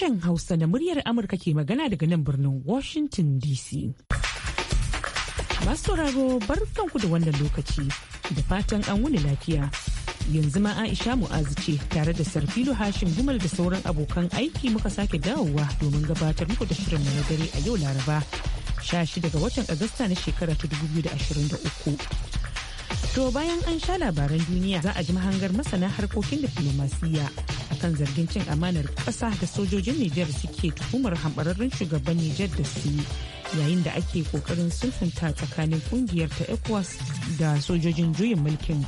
Sashen Hausa na muryar Amurka ke magana daga nan birnin Washington DC. Masu sauraro barkanku da wannan lokaci da fatan an wuni lafiya. yanzu ma Aisha Mu'azu ce tare da Sarfilo Hashim Gumal da sauran abokan aiki muka sake dawowa domin gabatar muku da shirin na dare a yau Laraba 16 ga watan Agusta na shekara ta 2023. To bayan an sha labaran duniya za a ji mahangar masana harkokin diflomasiyya kan zargin cin amanar ƙasa da sojojin Nijar suke tuhumar hambararren shugaban Nijar da su yayin da ake kokarin sulhunta tsakanin kungiyar ta ECOWAS da sojojin juyin mulkin.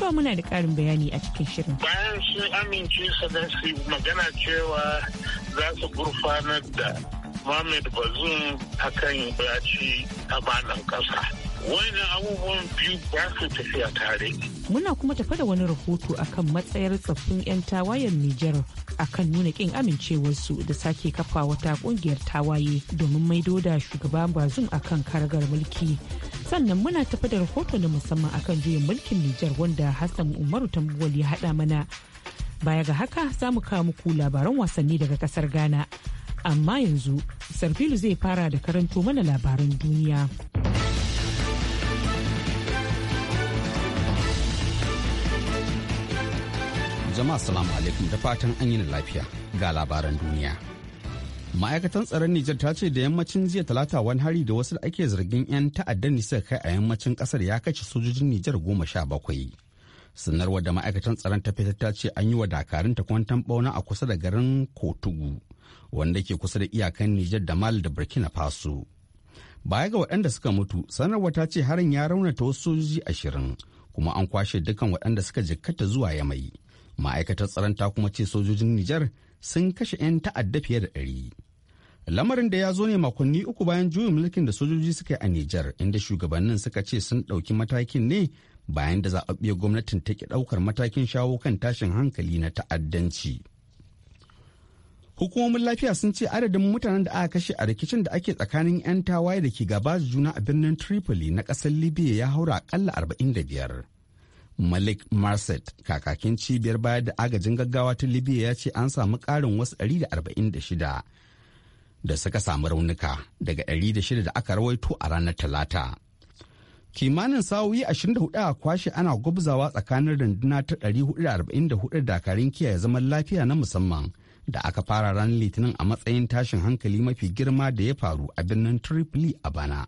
To muna da ƙarin bayani a cikin shirin. Bayan sun amince su da su magana cewa za su gurfanar da Mohamed Bazoum akan ya ci amanar ƙasa. Wani abubuwan biyu ba su tafiya tare. Muna kuma tafa da wani rahoto akan matsayar tsaffin 'yan tawayen Nijar akan nuna kin amincewarsu da sake kafa wata kungiyar tawaye domin maido da shugaban bazum akan karagar mulki. Sannan muna tafa da rahoto na musamman akan juyin mulkin Nijar wanda Hassan Umaru Tambuwal ya haɗa mana. Baya ga haka za mu kawo muku labaran wasanni daga kasar Ghana. Amma yanzu, Sarfilu zai fara da karanto mana labaran duniya. jama'a salamu alaikum da fatan an yi lafiya ga labaran duniya. Ma'aikatan tsaron Nijar ta ce da yammacin jiya talata wani hari da wasu da ake zargin 'yan ta'addan ne suka kai a yammacin kasar ya kashe sojojin Nijar goma sha bakwai. Sanarwar da ma'aikatan tsaron ta fitar ta ce an yi wa dakarun ta kwantan bauna a kusa da garin Kotugu wanda ke kusa da iyakan Nijar da Mali da Burkina Faso. Baya ga waɗanda suka mutu, sanarwar ta ce harin ya raunata wasu sojoji ashirin kuma an kwashe dukkan waɗanda suka jikkata zuwa yamai. ma'aikatar tsaron ta kuma ce sojojin nijar sun kashe 'yan ta'adda fiye da ɗari lamarin da ya zo ne makonni uku bayan juyin mulkin da sojoji suka yi a nijar inda shugabannin suka ce sun ɗauki matakin ne bayan da zaɓaɓɓiyar gwamnatin ta ki ɗaukar matakin shawo kan tashin hankali na ta'addanci hukumomin lafiya sun ce adadin mutanen da aka kashe a rikicin da ake tsakanin 'yan tawaye da ke gaba juna a birnin tripoli na ƙasar libya ya haura aƙalla 45. Malik Marset, kakakin cibiyar bayar da agajin gaggawa ta Libya ya ce an samu ƙarin wasu 146 da suka samu raunuka daga 106 da aka rawaito a ranar Talata. Kimanin sawoyi 24 a kwashe ana gwabzawa tsakanin runduna ta 444 dakarun kiyaye zaman lafiya na musamman da aka fara ranar Litinin a matsayin tashin hankali mafi girma da ya faru a birnin Tripoli a bana.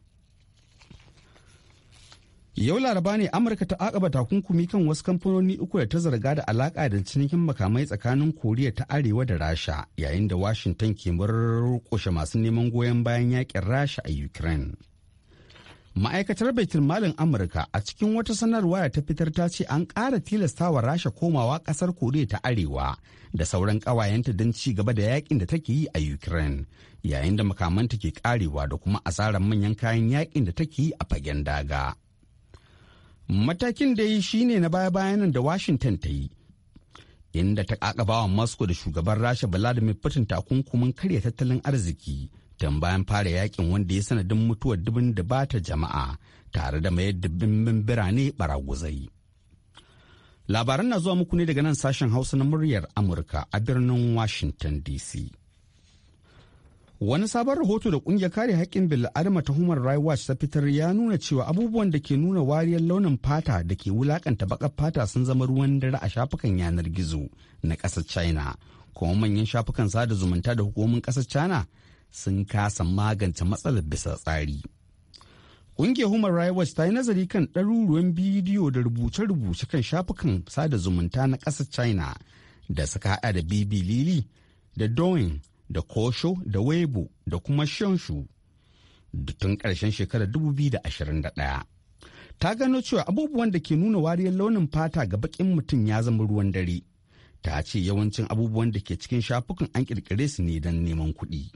Yau Laraba ne Amurka ta akaba takunkumi kan wasu kamfanoni uku da ta zarga da alaka da cinikin makamai tsakanin Koriya ta Arewa da Rasha yayin da Washington ke murƙushe masu neman goyon bayan yakin Rasha a Ukraine. Ma'aikatar Baitul Malin Amurka a cikin wata sanarwa da ta fitar ta ce an ƙara tilastawa Rasha komawa ƙasar Koriya ta Arewa da sauran ƙawayenta don ci gaba da yakin da take yi a Ukraine yayin da makamanta ke ƙarewa da kuma asarar manyan kayan yakin da take yi a fagen daga. matakin da yi shine na baya nan da washington ta yi inda ta kakabawa moscow da shugaban rasha vladimir putin takunkumin karya tattalin arziki tun bayan fara yakin wanda ya sanadin mutuwar dubin da bata jama'a tare da mayar dubbin birane baraguzai labaran na zuwa muku ne daga nan sashen hausa na muryar amurka a birnin washington dc Wani sabon rahoto da kungiyar kare haƙƙin bil'adama ta Human Rights Watch ta fitar ya nuna cewa abubuwan da ke nuna wariyar launin fata da ke wulakanta baƙar fata sun zama ruwan dare a shafukan yanar gizo na ƙasar China. Kuma manyan shafukan sada zumunta da hukumomin ƙasar China sun kasa magance matsalar bisa tsari. Ƙungiyar Human Rights Watch ta yi nazari kan ɗaruruwan bidiyo da rubuce-rubuce kan shafukan sada zumunta na ƙasar China da suka haɗa da Bibi Lili da Doin da kosho da webo da kuma da tun ƙarshen shekarar 2021 ta gano cewa abubuwan da ke nuna wariyar launin fata ga bakin mutum ya zama ruwan dare ta ce yawancin abubuwan da ke cikin shafukan an ƙirƙire su ne don neman kuɗi.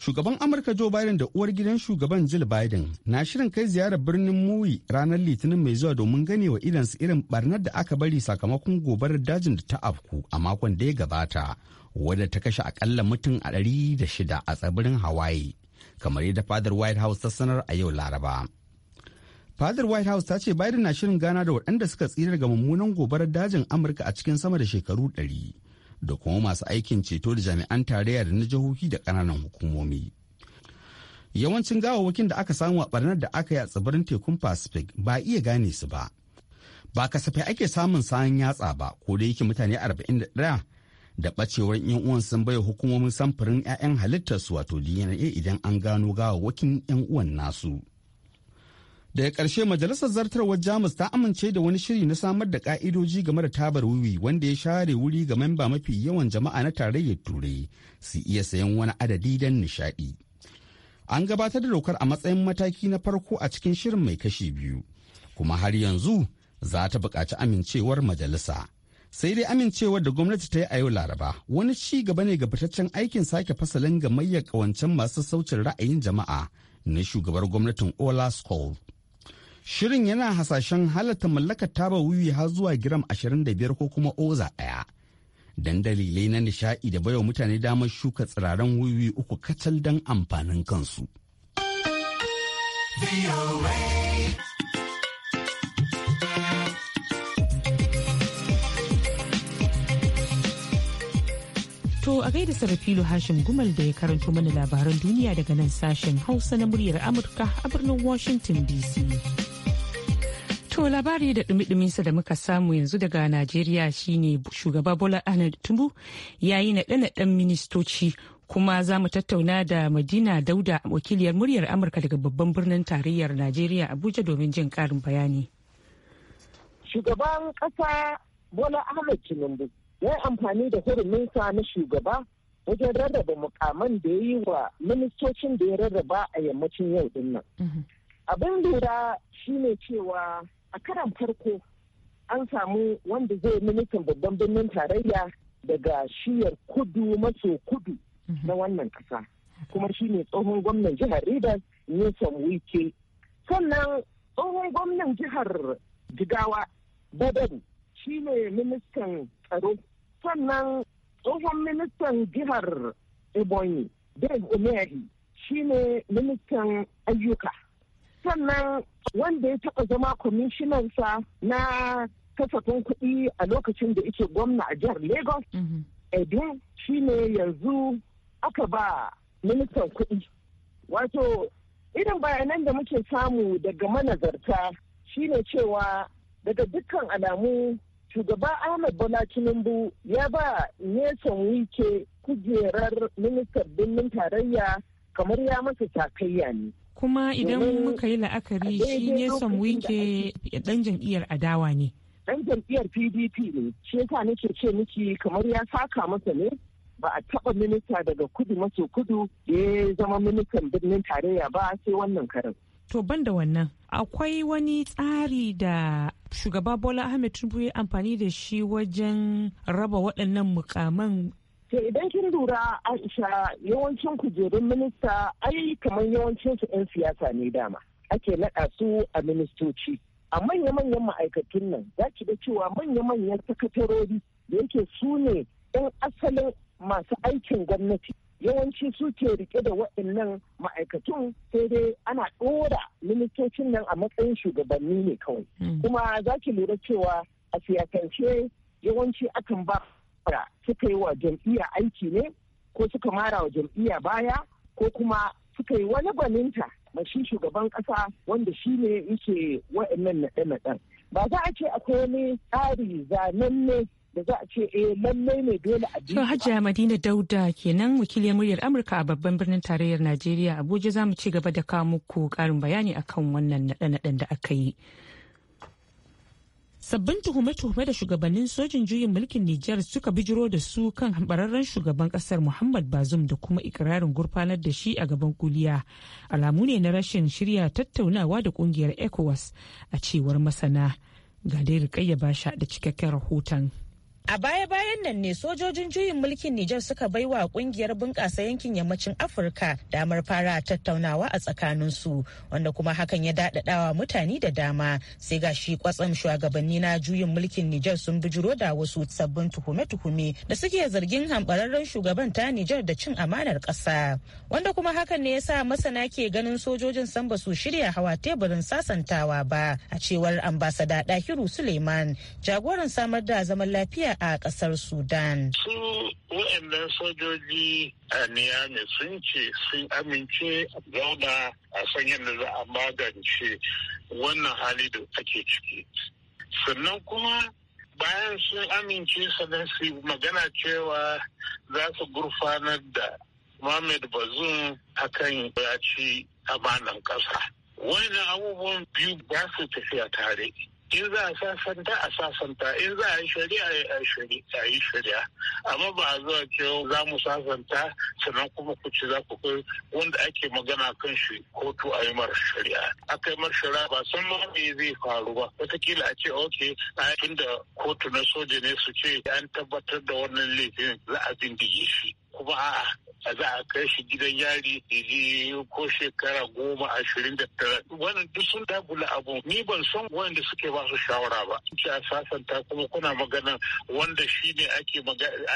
Shugaban Amurka Joe Biden da uwar gidan shugaban Jill Biden na shirin kai ziyarar birnin muwi ranar Litinin mai zuwa domin gane wa idansu irin barnar da aka bari sakamakon gobarar dajin da ta afku a makon da ya gabata, wadda ta kashe akalla mutum a ɗari da shida a tsibirin Hawaii, kamar yadda fadar White House ta sanar a yau Laraba. fadar white house ta ce biden na shirin gana da waɗanda suka tsira ga mummunan gobarar dajin amurka a cikin sama da shekaru ɗari. da kuma masu aikin ceto da jami'an tarayya da na jihohi da kananan hukumomi. Yawancin gawawwakin da aka samu a barnar da aka yi a tsibirin tekun Pacific ba iya gane su ba. Ba kasafai ake samun sayan yatsa ba, ko da yake mutane arba'in da ɗaya. Da ɓacewar yan uwan sun bai hukumomin samfurin 'ya'yan halittarsu wato DNA idan an gano gawawwakin yan uwan nasu. daga ƙarshe majalisar zartarwar jamus ta amince da wani shiri na samar da ƙa'idoji game da tabar wiwi wanda ya share wuri ga memba mafi yawan jama'a na tarayyar turai su iya sayan wani adadi don nishaɗi an gabatar da dokar a matsayin mataki na farko a cikin shirin mai kashi biyu kuma har yanzu za ta buƙaci amincewar majalisa sai dai amincewar da gwamnati ta yi a yau laraba wani ci gaba ne ga fitaccen aikin sake fasalin gamayyar ƙawancen masu saucin ra'ayin jama'a na shugabar gwamnatin ola Shirin yana hasashen halatta mallakar taba wiwi har zuwa giram 25 ko kuma oza ɗaya. Dan dalilai na nishaɗi da baiwa mutane damar shuka tsiraren wiwi uku kacal don amfanin kansu. To a gaida Sarafilo Hashim Gumal da ya karanto mana labaran duniya daga nan sashen Hausa na muryar Amurka a birnin Washington DC. To labari da dumi-duminsa da muka samu yanzu daga Najeriya shine shugaba Bola Ahmed Tinubu yayi naɗe-naɗen ministoci kuma za mu tattauna da Madina Dauda wakiliyar muryar Amurka daga babban birnin tarayyar Najeriya Abuja domin jin karin bayani. Shugaban ƙasa Bola Ahmed Tinubu ya amfani da huruminsa na shugaba wajen rarraba mukaman da ya yi wa ministocin da ya rarraba a yammacin yau dinnan. Mhm. Abin lura shine cewa a karan farko an samu wanda zai ministan babban birnin tarayya daga shiyar kudu maso kudu mhm. na wannan kasa kuma shi ne tsohon gwamnan jihar Rivers Nyesom Wike sannan tsohon gwamnan jihar Jigawa Badar shi ne ministan tsaro sannan tsohon ministan jihar Ebonyi Dave Omeri shi ne ministan ayyuka sannan wanda ya taɓa zama kwamishinansa na kasafin kuɗi a lokacin da yake gwamna a jihar lagos mhm. edin shine yanzu aka ba ministan kuɗi wato irin bayanan da muke samu daga manazarta shine cewa daga dukkan alamu shugaba ahmed bola tinubu ya ba nesan wike kujerar ministan birnin tarayya kamar ya masa takayya ne kuma idan muka yi la'akari shi ne son wike dan jam'iyyar adawa ne dan jam'iyyar pdp ne shi yasa nake ce miki kamar ya saka masa ne ba a taɓa minista daga kudu maso kudu da ya zama ministan birnin tarayya ba sai wannan karin to ban da wannan akwai wani tsari da shugaba bola ahmed tinubu ya amfani da shi wajen raba waɗannan mukaman sai idan kin lura Aisha yawancin kujerun minista ai kamar yawancin su 'yan siyasa ne dama. Ake naɗa su a ministoci. A manya-manyan ma'aikatun nan za ki da cewa manya-manyan sakatarori da yake su ne 'yan asalin masu aikin gwamnati. Yawanci su ke rike da waɗannan ma'aikatun sai dai ana ɗora ministocin nan a matsayin shugabanni ne kawai. Mm. Kuma za ki lura cewa a siyasance yawanci akan ba waɗanda suka yi wa jam'iyya aiki ne ko suka mara wa jam'iyya baya ko kuma suka yi wani gwaninta shi shugaban ƙasa wanda shi ne yake wa'annan naɗe-naɗen ba za a ce akwai wani tsari zananne da za a ce eh lallai ne dole a bi. To Hajiya Madina Dauda kenan wakiliyar muryar Amurka a babban birnin tarayyar Najeriya Abuja za mu ci gaba da kawo muku ƙarin bayani akan wannan naɗe-naɗen da aka yi. sabbin tuhume-tuhume da shugabannin sojin juyin mulkin Nijar suka bijiro da su kan hambararren shugaban kasar Muhammad Bazum da kuma ikirarin gurfanar da shi a gaban kuliya alamu ne na rashin shirya tattaunawa da kungiyar ECOWAS a cewar masana ga dai rikayya basha da cikakken rahoton. A baya-bayan nan ne sojojin juyin mulkin Nijar suka baiwa kungiyar bunƙasa yankin yammacin Afirka damar fara tattaunawa a tsakaninsu wanda kuma hakan ya daɗaɗawa mutane da dama sai ga shi kwatsam shugabanni na juyin mulkin Nijar sun bijiro da wasu sabbin tuhume-tuhume da suke zargin hambararren shugaban ta Nijar da cin amanar ƙasa. Wanda kuma hakan ne ya sa masana ke ganin sojojin san ba su shirya hawa teburin sasantawa ba a cewar ambasada Dahiru Suleiman jagoran samar da zaman lafiya a kasar Sudan. Su waɗannan sojoji a Niyami sun ce sun amince a zauna a san yadda za a magance wannan hali da ake ciki. Sannan kuma bayan sun amince sannan su magana cewa za su gurfanar da Mohamed Bazoum akan ya ci amanan ƙasa. wani abubuwan biyu ba su tafiya tare. in za a sasanta a sasanta in za a yi shari'a a yi shari'a amma ba a zuwa ke za mu sasanta sannan kuma ku ci za ku kai wanda ake magana kan shi kotu a yi mara shari'a A kai mara shari'a ba san ma me zai faru ba wataƙila a ce ok a tun da kotu na soja ne su ce an tabbatar da wannan laifin za a bindige shi kuma a'a a za a kai shi gidan yari yaji ko shekara goma ashirin da tara wannan duk sun dagula abu ni ban san wanda suke ba su shawara ba ce a sasanta kuma kuna magana wanda shi ne ake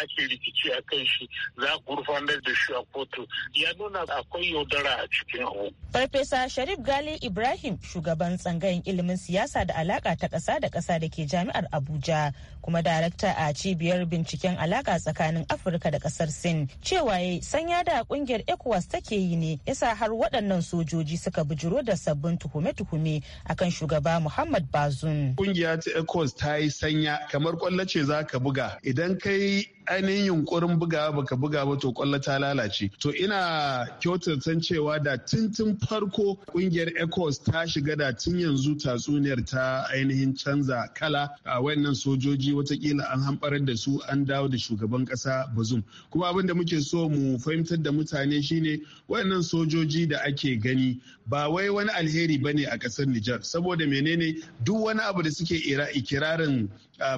ake rikici a kan shi za a gurfanar da shi a kotu ya nuna akwai yaudara a cikin abu. farfesa sharif gali ibrahim shugaban tsangayin ilimin siyasa da alaka ta ƙasa da ƙasa da ke jami'ar abuja kuma darakta a cibiyar binciken alaka tsakanin afirka da ƙasar sin cewa ya sanya da kungiyar ECOWAS take yi ne yasa har waɗannan sojoji suka bijiro da sabbin tuhume-tuhume akan shugaba Muhammad Bazoum. Kungiya ta ECOWAS ta yi sanya kamar kwallace za ka buga idan kai ainihin yunkurin buga baka buga ba to kwallo ta lalace to ina kyautatan cewa da tuntun farko kungiyar ecos ta shiga da tun yanzu tatsuniyar ta ainihin canza kala a wayannan sojoji watakila an hamɓarar da su an dawo da shugaban ƙasa bazum kuma abin da muke so mu fahimtar da mutane shine wayannan sojoji da ake gani ba wai wani alheri bane a ƙasar Nijar saboda menene duk wani abu da suke ikirarin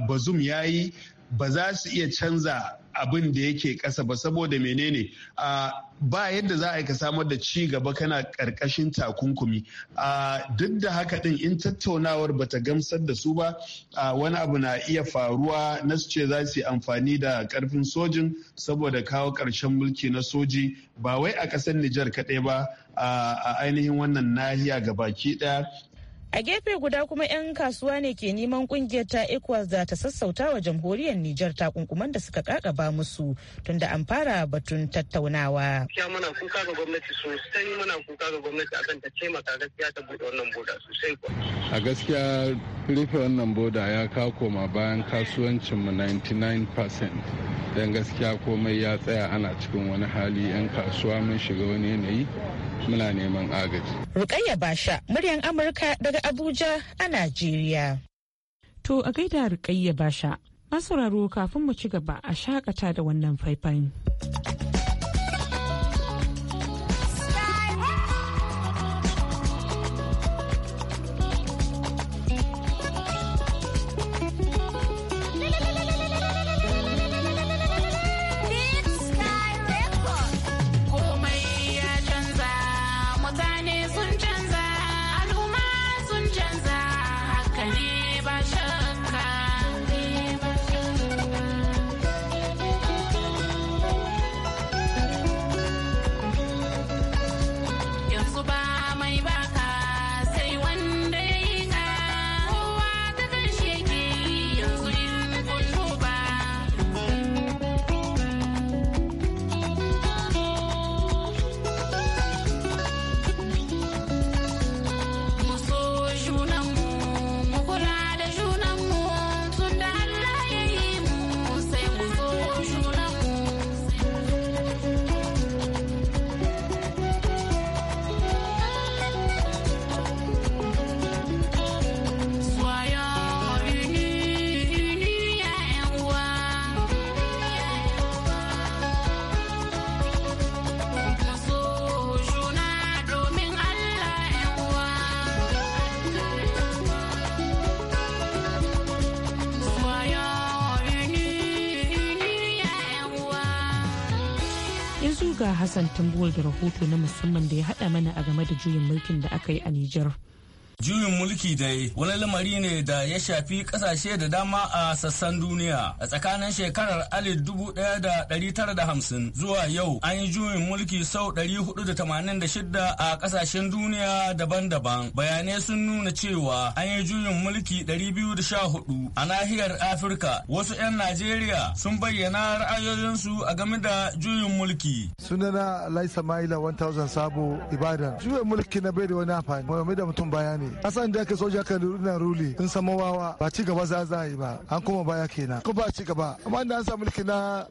bazum yayi ba za su iya canza abin da yake ƙasa ba saboda menene a ba yadda za a yi ka samar da ci gaba kana ƙarƙashin takunkumi duk da haka ɗin in tattaunawar ba ta gamsar da su ba a wani abu na iya faruwa na su ce za su yi amfani da ƙarfin sojin saboda kawo ƙarshen mulki na soji ba wai a ƙasar Nijar kaɗai ba a ainihin wannan nahiya ga baki ɗaya a gefe guda kuma 'yan kasuwa ne ke neman kungiyar ta ecowas da ta sassauta wa jamhuriyar nijar ta takunkuman da suka kaka ba musu tunda an fara batun tattaunawa gaskiya muna kuka ga gwamnati sosai muna kuka ga gwamnati kan ta taimaka gaskiya ta bude wannan boda sosai a gaskiya rufe wannan boda ya kawo koma bayan kasuwancinmu 99% don gaskiya komai ya tsaya ana cikin wani hali 'yan kasuwa mun shiga wani yanayi muna neman agaji rukayya basha muryan amurka daga Abuja a Najeriya. To a gaida sha, Basha, sauraro kafin mu ci gaba a shakata da wannan faifan. Hassan Tambol da rahoto na musamman da ya haɗa mana a game da juyin mulkin da aka yi a Nijar. Juyin mulki dai wani lamari ne da ya shafi kasashe da dama a sassan duniya. A tsakanin shekarar alif dubu da tara da hamsin zuwa yau an yi juyin mulki sau 486 hudu da tamanin da a kasashen duniya daban-daban. Bayanai sun nuna cewa an yi juyin mulki 214 biyu da sha hudu a nahiyar Afirka. Wasu 'yan Najeriya sun bayyana ra'ayoyinsu a game da juyin mulki. Sunana Laisa Maila 1000 Sabo Ibadan. Juyin mulki na bai da wani amfani. Mai da mutum bayani. ne asan da aka soja aka na ruli sun sama wawa ba ci gaba za za yi ba an kuma baya kenan ko ba ci gaba amma da an samu mulki na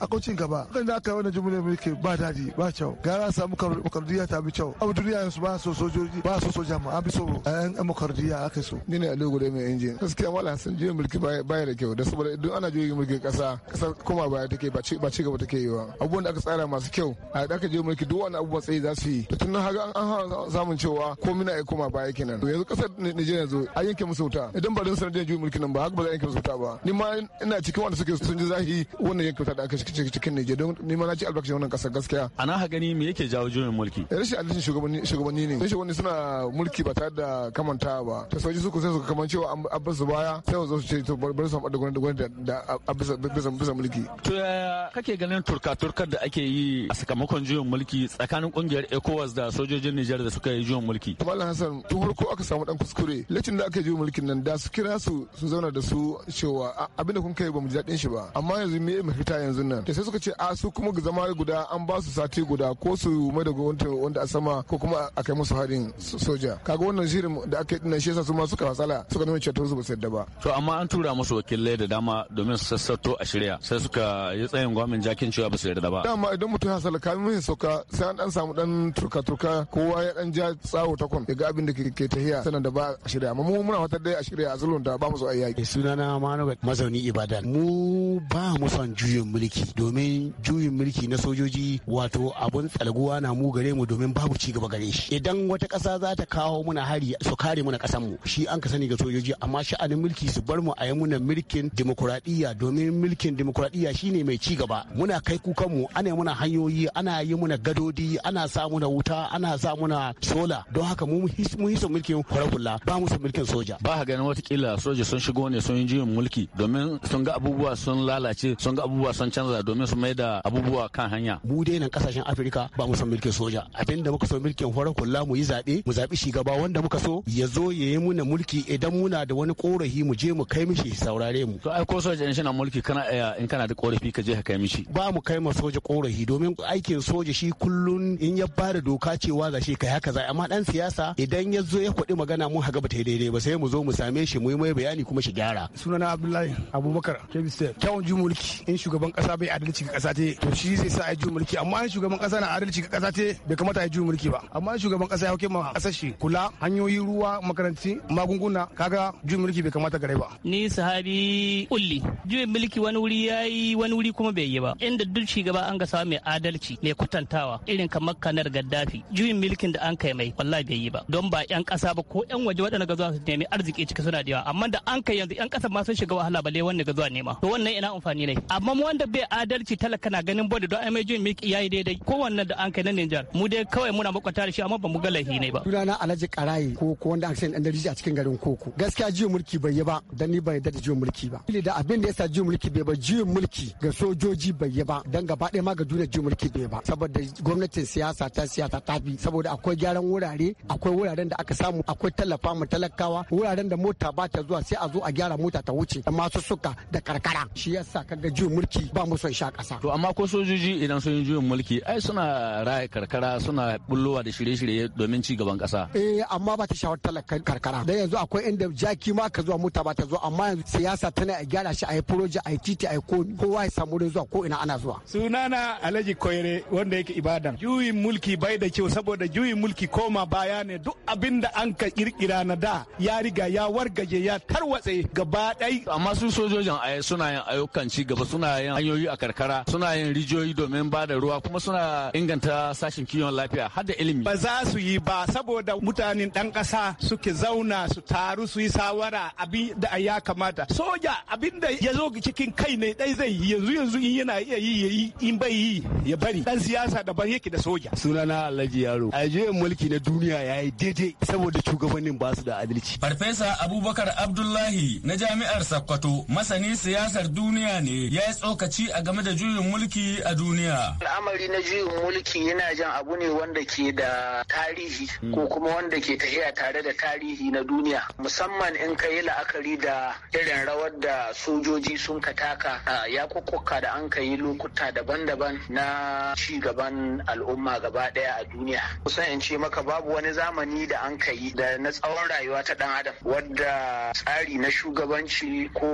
a ko cin gaba kan da aka wani jumla mulki ba dadi ba kyau gara samu bakwardiya ta bi kyau abu duniya yanzu ba so sojoji ba so soja ma an bi so an bakwardiya aka so ni ne a dogo da mai injin gaskiya wala sun je mulki baya da kyau da saboda idan ana jiya mulki kasa kasa kuma baya take ba ci ba ci gaba take yi ba abubuwan da aka tsara masu kyau a da aka je mulki duk wani abubuwan tsaye za su yi to tun haka an samu cewa ko mina ai kuma baya kenan to yanzu kasar Nijar yanzu a yanke musu wuta idan ba dan sanadiyar juyin mulkin nan ba haka ba za a yanke musu wuta ba ni ma ina cikin wanda suke sun ji zahi wannan yanke wuta da aka cikin cikin Nijar don ni ma na ci albarkacin wannan kasar gaskiya ana haka gani me yake jawo juyin mulki eh, rashin adalcin shugabanni shugabanni ne sai shugabanni suna mulki ba tare da kamanta ba ta sauji su ku sai su kaman cewa an bar su baya sai su zo su ce to bar su da gwamnati da bisa mulki to ya kake ganin turka turkar da ake yi a sakamakon juyin mulki tsakanin kungiyar ECOWAS da sojojin Nijar da suka yi juyin mulki Malam Hassan tun harko aka samu dan kuskure latin da aka yi mulkin nan da su kira su su zauna da su cewa abinda kun kai ba mu ji daɗin shi ba amma yanzu me fita yanzu nan da sai suka ce a su kuma zama guda an ba su sati guda ko su mai da gwamnati wanda a sama ko kuma a kai musu harin soja kaga wannan shirin da aka yi dinnan shi yasa su ma suka hasala suka nuna cewa su ba su da ba to amma an tura musu wakilai da dama domin su sassato a shirya sai suka yi tsayin gwamin jakin cewa ba su yarda ba dama idan mutum hasala kamin mai soka sai an dan samu dan turka turka kowa ya dan ja tsawo takwan ga abin da ke tahiya sanan da ba a shirya amma mu muna wata dai a shirya a zulunta ba mu so a yaki sunana manu mazauni ibadan mu ba mu son juyin mulki domin juyin mulki na sojoji wato abun tsalguwa na mu gare mu domin babu ci gaba gare shi idan wata kasa za ta kawo muna hari su kare muna kasan mu shi an ka sani ga sojoji amma sha'anin mulki su bar mu a yi muna mulkin demokuraɗiyya domin mulkin demokuraɗiyya shine mai ci gaba muna kai kukan mu ana muna hanyoyi ana yi muna gadodi ana sa na wuta ana sa muna sola don haka mu mun yi mulkin kwarakulla ba mu mulkin soja ba ha ganin watakila soja sun shigo ne sun yi mulki domin sun ga abubuwa sun lalace sun ga abubuwa sun canza domin su maida abubuwa kan hanya mu dai nan kasashen afirka ba mu san mulkin soja abinda muka so mulkin kwarakulla mu yi zaɓe mu zaɓi shugaba wanda muka so ya zo ya yi muna mulki idan muna da wani korafi mu je mu kai mishi saurare mu to ai ko soja in shi na mulki kana iya in kana da korafi ka je ka kai mishi ba mu kai ma soja korafi domin aikin soja shi kullun in ya da doka cewa ga shi kai haka za amma dan siyasa idan ya zo ya kwaɗi magana mun haga bata yi daidai ba sai mu zo mu same shi mu yi mai bayani kuma shi gyara. sunana abdullahi abubakar kebbi kyawun ju mulki in shugaban kasa bai adalci ga kasa te to shi zai sa yi ju mulki amma in shugaban kasa na adalci ga kasa te bai kamata yi ju mulki ba amma in shugaban kasa ya hauke ma kasar shi kula hanyoyi ruwa makaranti magunguna kaga ju mulki bai kamata gare ba. ni sahabi kulli juyin mulki wani wuri ya yi wani wuri kuma bai yi ba inda duk shugaba an ga samu mai adalci mai kwatantawa irin kamar kanar gaddafi juyin mulkin da an kai mai wallahi bai yi ba don ba 'yan ƙasa ba ko 'yan waje waɗanda ga zuwa su nemi arziki ciki suna da yawa amma da an kai yanzu 'yan ƙasa ma sun shiga wahala balle wanda ga zuwa nema to wannan ina amfani ne amma mu wanda bai adalci talaka na ganin bodi don ai jin miki yayi daidai ko wannan da an kai na Niger mu dai kawai muna makwata da shi amma ba mu ga lahi ne ba sunana Alhaji Karayi ko ko wanda an sani dan dariji a cikin garin Koko gaskiya jiyo mulki bai yi ba dan ni ban yadda da jiyo mulki ba da abin da yasa jiyo mulki bai ba jiyo mulki ga sojoji bai yi ba dan gaba ɗaya ma ga duniya jiyo mulki bai ba saboda gwamnatin siyasa ta siyasa ta bi saboda akwai gyaran wurare akwai wurare wuraren da aka samu akwai tallafa mu talakawa wuraren da mota ba ta zuwa sai a zo a gyara mota ta wuce da masu suka da karkara shi yasa kaga juyin mulki ba mu son sha kasa to amma ko sojoji idan sun yi juyin mulki ai suna raya karkara suna bullowa da shirye-shirye domin ci gaban kasa eh amma ba ta shawar talakan karkara dan yanzu akwai inda jaki ma ka zuwa mota ba ta zuwa amma yanzu siyasa tana a gyara shi a yi proje a titi a yi kowa ya samu wurin zuwa ko ina ana zuwa sunana alhaji koyere wanda yake ibadan juyin mulki bai da kyau saboda juyin mulki koma baya ne duk abin da an ka kirkira na da ya riga ya wargaje ya tarwatse gaba ɗai. Amma su sojojin suna yin ayyukan ci gaba suna yin hanyoyi a karkara suna yin rijiyoyi domin ba da ruwa kuma suna inganta sashen kiwon lafiya har da ilimi. Ba za su yi ba saboda mutanen dan kasa suke zauna su taru su yi sawara abin da ya kamata. Soja abin da ya zo cikin kai ne ɗai zai yi yanzu yanzu in yana iya yi ya yi in bai yi ya bari. dan siyasa daban yake da soja. Sunana Alhaji Yaro. A mulki na duniya ya yi daidai daidai saboda shugabannin ba su da adalci. Farfesa Abubakar Abdullahi na Jami'ar Sokoto masani siyasar duniya ne ya yi tsokaci a game da juyin mulki a duniya. Al'amari na juyin mulki yana jan abu ne wanda ke da tarihi hmm. ko kuma wanda ke tafiya tare da tarihi na duniya musamman in ka yi la'akari da irin rawar da sojoji sun ka taka ya kukkuka da an ka yi lokuta daban-daban na ci gaban al'umma gaba daya a duniya. Kusan in ce maka babu wani zamani da da an ka yi da na tsawon rayuwa ta dan adam wadda tsari na shugabanci ko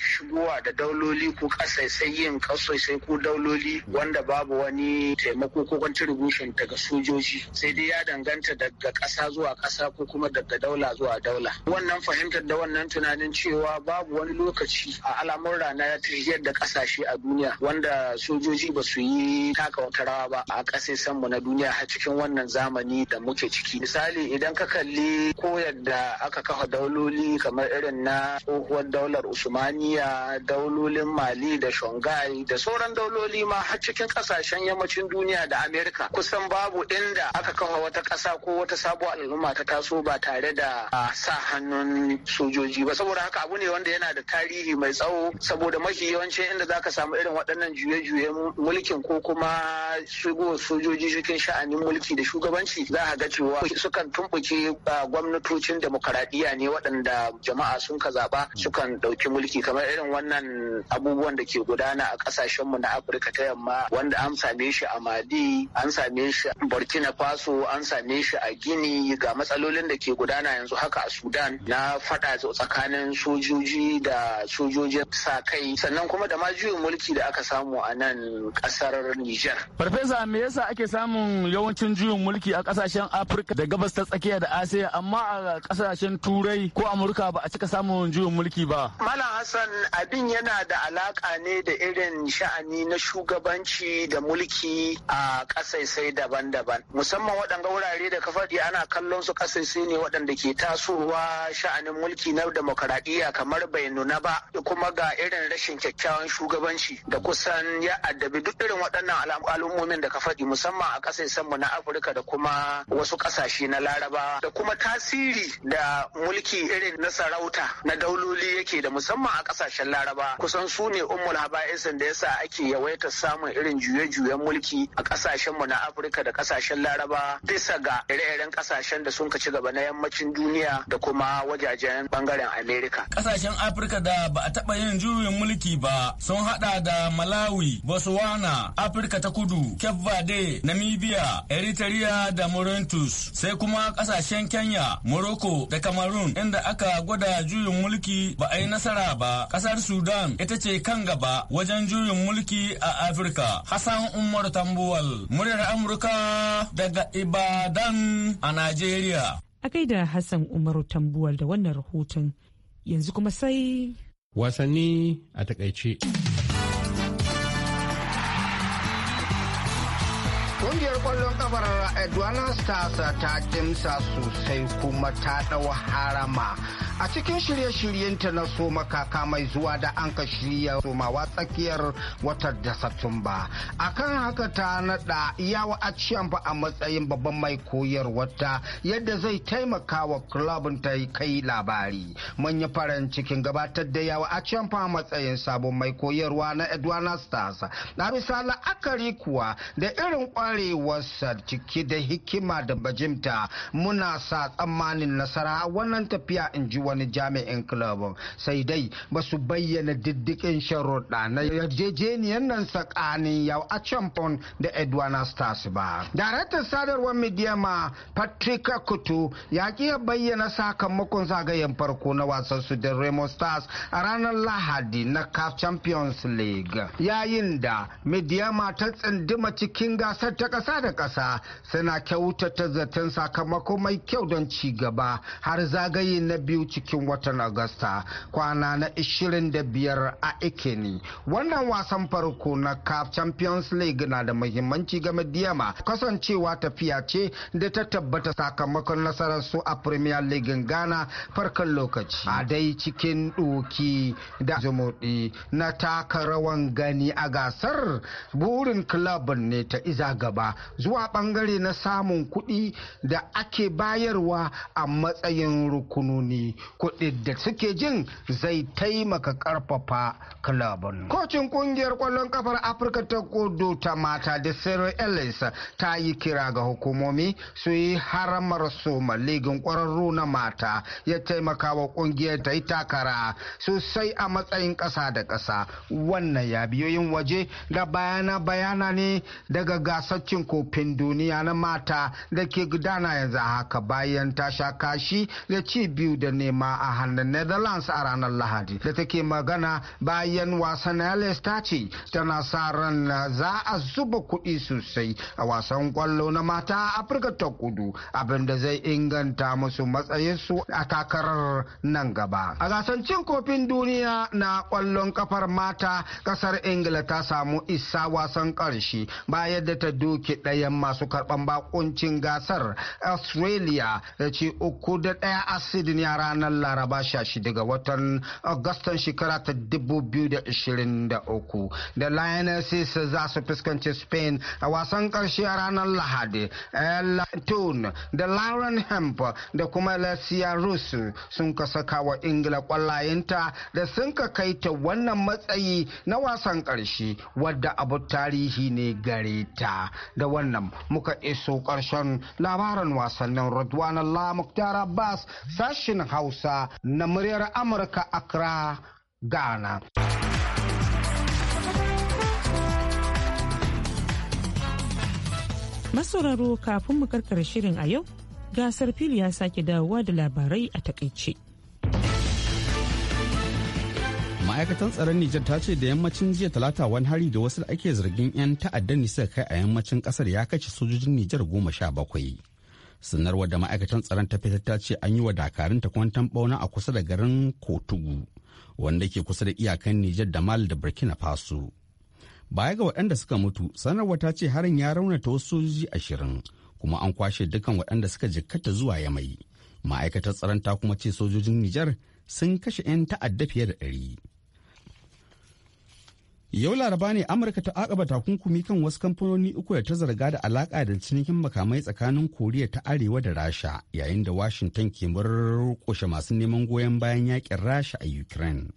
shigowa da dauloli ko kasaisai yin kasaisai ko dauloli wanda babu wani taimako ko contribution daga sojoji sai dai ya danganta daga ƙasa zuwa ƙasa ko kuma daga daula zuwa daula wannan fahimtar da wannan tunanin cewa babu wani lokaci a al'amurra na tafiyar da ƙasashe a duniya wanda sojoji ba su yi taka wata rawa ba a ƙasaisan mu na duniya har cikin wannan zamani da muke ciki misali idan idan ka kalli ko yadda aka kafa dauloli kamar irin na tsohuwar daular usmaniya daulolin mali da shongai da sauran dauloli ma har cikin kasashen yammacin duniya da amerika kusan babu inda aka kafa wata kasa ko wata sabuwar al'umma ta taso ba tare da sa hannun sojoji ba saboda haka abu ne wanda yana da tarihi mai tsawo saboda mafi yawanci inda za ka samu irin waɗannan juye juye mulkin ko kuma shigo sojoji cikin sha'anin mulki da shugabanci za ka ga cewa sukan tumɓu ba gwamnatocin demokaradiyya ne waɗanda jama'a sun ka zaɓa sukan ɗauki mulki kamar irin wannan abubuwan da ke gudana a ƙasashenmu na afirka ta yamma wanda an same shi a mali an same shi a burkina faso an same shi a gini ga matsalolin da ke gudana yanzu haka a sudan na faɗa tsakanin sojoji da sojojin sa kai sannan kuma da ma juyin mulki da aka samu a nan ƙasar niger farfesa me yasa ake samun yawancin juyin mulki a ƙasashen afirka da gabas ta Tsaki? tsakiya da asiya amma a kasashen turai ko amurka ba a cika samun juyin mulki ba malam hassan abin yana da alaka ne da irin sha'ani na shugabanci da mulki a kasaisai daban-daban musamman waɗanda wurare da kafaɗi faɗi ana kallon su kasaisai ne waɗanda ke tasowa sha'anin mulki na demokaradiyya kamar bai nuna ba kuma ga irin rashin kyakkyawan shugabanci da kusan ya addabi duk irin waɗannan al'ummomin da ka musamman a kasaisan mu na afirka da kuma wasu ƙasashe na laraba ba da kuma tasiri da mulki irin na sarauta na dauloli yake da musamman a kasashen laraba kusan su ne ummul haba'isin da yasa ake yawaitar samun irin juye-juyen mulki a kasashenmu na afirka da kasashen laraba bisa ga ire-iren kasashen da sun ci gaba na yammacin duniya da kuma wajajen bangaren amerika kasashen afirka da ba a taba yin juyin mulki ba sun hada da malawi botswana afirka ta kudu cape verde namibia eritrea da morontus sai kuma kasashen Kenya, Morocco da Cameroon inda aka gwada juyin mulki ba a yi nasara ba. Kasar Sudan ita ce kan gaba wajen juyin mulki a Afirka. Hassan Umar Tambuwal, muryar Amurka daga Ibadan a Najeriya. A da Hassan Umar Tambuwal da wannan rahoton yanzu kuma sai wasanni a takaice. asabar edwana stars ta kimsa sosai kuma ta ɗau harama a cikin shirye-shiryenta na soma kaka mai zuwa da an ka shirya somawa tsakiyar watan da satumba akan haka ta naɗa yawa a ba a matsayin babban mai koyarwata yadda zai taimaka wa kulabin ta kai labari manya farin cikin gabatar da yawa a a matsayin sabon mai koyarwa na edwana stars na bisa la'akari kuwa da irin kwarewarsa cike da hikima da bajimta muna sa tsammanin nasara a wannan tafiya in ji wani jami'in club sai dai ba su bayyana diddikin sharuɗa na yarjejeniyar nan tsakanin yau a champon da edwana stars ba daraktan sadarwar midiyama patrick kutu ya ya bayyana sakamakon zagayen farko na wasan su da Raymond stars a ranar lahadi na caf champions league yayin da midiyama ta tsindima cikin gasar ta ƙasa da ƙasa suna kyautata zaton sakamako mai kyau don ci gaba har zagaye na biyu cikin watan agusta kwana na 25 a ikeni wannan wasan farko na caf champions league na da muhimmanci game diyama kasancewa tafiya ce da ta tabbata sakamakon nasarar su a premier league ghana farkon lokaci a dai cikin doki da zumuɗi na taka rawan gani a gasar burin club ne ta iza gaba zuwa bangare na samun kuɗi da ake bayarwa a matsayin rukunoni kuɗi da suke jin zai taimaka karfafa kilabin. kocin kungiyar kwallon kafar afirka ta kudu ta mata da sarah ellis ta yi kira ga hukumomi su yi haramar soma ligin kwararru na mata ya taimaka wa kungiyar ta yi takara sosai a matsayin ƙasa da ƙasa wannan ya biyoyin waje da bayana bayana ne daga gasar cin kofin duniya na mata da ke gudana yanzu haka bayan ta sha kashi da ci biyu da nema a hannun netherlands a ranar lahadi da take magana bayan wasan alice ta ce tana sa ran za a zuba kuɗi sosai a wasan kwallo na mata a afirka ta kudu abinda zai inganta musu matsayinsu a takarar nan gaba a gasan cin kofin duniya na kwallon kafar mata kasar ingila ta samu isa wasan karshe bayan da ta doke ɗayan masu masu karban bakuncin gasar australia da ce uku da daya a sydney a ranar laraba 16 ga watan agustan shekara ta 2023 da lionesses za su fuskanci spain a wasan karshe a ranar lahadi elton da lauren hemp da kuma lasia rus sun ka saka wa ingila kwallayenta da sun ka kai ta wannan matsayi na wasan karshe wadda abu tarihi ne gare ta da wannan muka iso ƙarshen labaran wasannin Radwan Allah Muktar Abbas sashin Hausa na muryar Amurka Accra, Ghana. Masauraro kafin mu karkar shirin a yau, gasar fili ya sake dawowa da labarai a takaice. maaikatan tsaron nijar ta ce da yammacin jiya talata wani hari da wasu da ake zargin 'yan ta'addan ne suka kai a yammacin kasar ya kace sojojin nijar goma sha bakwai sanarwar da ma'aikatan tsaron ta fitar ta ce an yi wa dakarun ta kwantan bauna a kusa da garin kotugu wanda ke kusa da iyakan nijar da mali da burkina faso baya ga waɗanda suka mutu sanarwar ta ce harin ya raunata wasu sojoji ashirin kuma an kwashe dukkan waɗanda suka jikkata zuwa yamai ma'aikatar tsaron ta kuma ce sojojin nijar sun kashe 'yan ta'adda fiye da ɗari. Yau Laraba ne Amurka ta akaba takunkumi kan wasu kamfanoni uku da ta zarga da alaƙa da cinikin makamai tsakanin Koriya ta Arewa da Rasha yayin da Washington ke murƙushe masu neman goyon bayan yakin Rasha a Ukraine.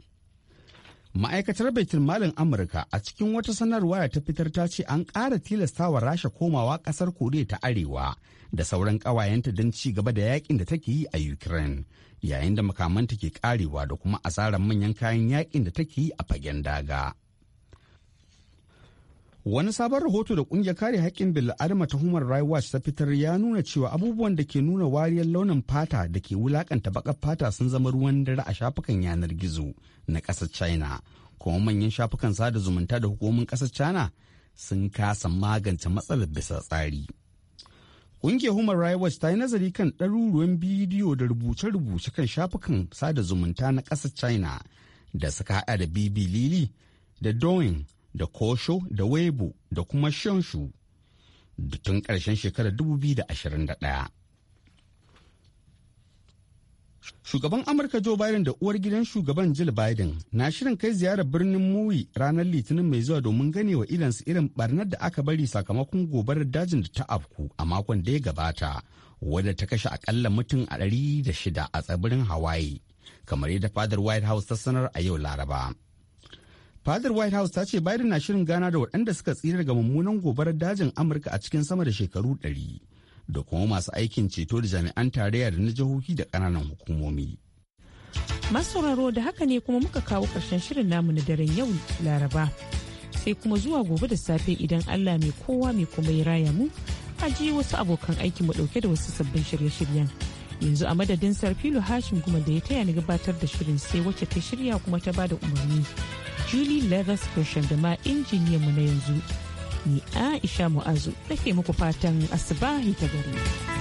Ma'aikatar Baitul Malin Amurka a cikin wata sanarwa da ta fitar ta ce an ƙara tilastawa Rasha komawa ƙasar Koriya ta Arewa da sauran ƙawayenta don ci gaba da yakin da take yi a Ukraine yayin da makamanta ke ƙarewa da kuma asarar manyan kayan yakin da take yi a fagen daga. Wani sabon rahoto da kungiyar kare haƙƙin bil'adama ta Human Rights Watch ta fitar ya nuna cewa abubuwan da ke nuna wariyar launin fata da ke wulakanta baƙar fata sun zama ruwan dare a shafukan yanar gizo na ƙasar China. Kuma manyan shafukan sada zumunta da hukumomin ƙasar China sun kasa magance matsalar bisa tsari. Ƙungiyar Human Rights Watch ta yi nazari kan ɗaruruwan bidiyo da rubuce-rubuce kan shafukan sada zumunta na ƙasar China da suka haɗa da Bibi Lili da Doing da kosho da webu da kuma shu tun karshen shekarar 2021. Shugaban Amurka Joe Biden da uwar gidan shugaban Jill Biden na shirin kai ziyarar birnin Muwi ranar Litinin mai zuwa domin gane wa idansu irin barnar da aka bari sakamakon gobarar dajin da ta afku a makon da ya gabata wadda ta kashe akalla mutum a ɗari da shida a tsibirin Hawaii kamar yadda fadar White House ta sanar a yau Laraba. fadar white house ta ce biden na shirin gana da waɗanda suka tsira daga mummunan gobarar dajin amurka a cikin sama da shekaru ɗari da kuma masu aikin ceto da jami'an tarayya da na jihohi da ƙananan hukumomi masauraro da haka ne kuma muka kawo ƙarshen shirin namu na daren yau laraba sai kuma zuwa gobe da safe idan allah mai kowa mai kuma ya raya mu a ji wasu abokan aiki mu dauke da wasu sabbin shirye-shiryen yanzu a madadin sarfilo hashin kuma da ya taya ni gabatar da shirin sai wacce ta shirya kuma ta bada umarni Julie Leathers Gresham da ma injiniyan mu na yanzu. Ni Aisha Mu'azu nake muku fatan asibahi ta gari.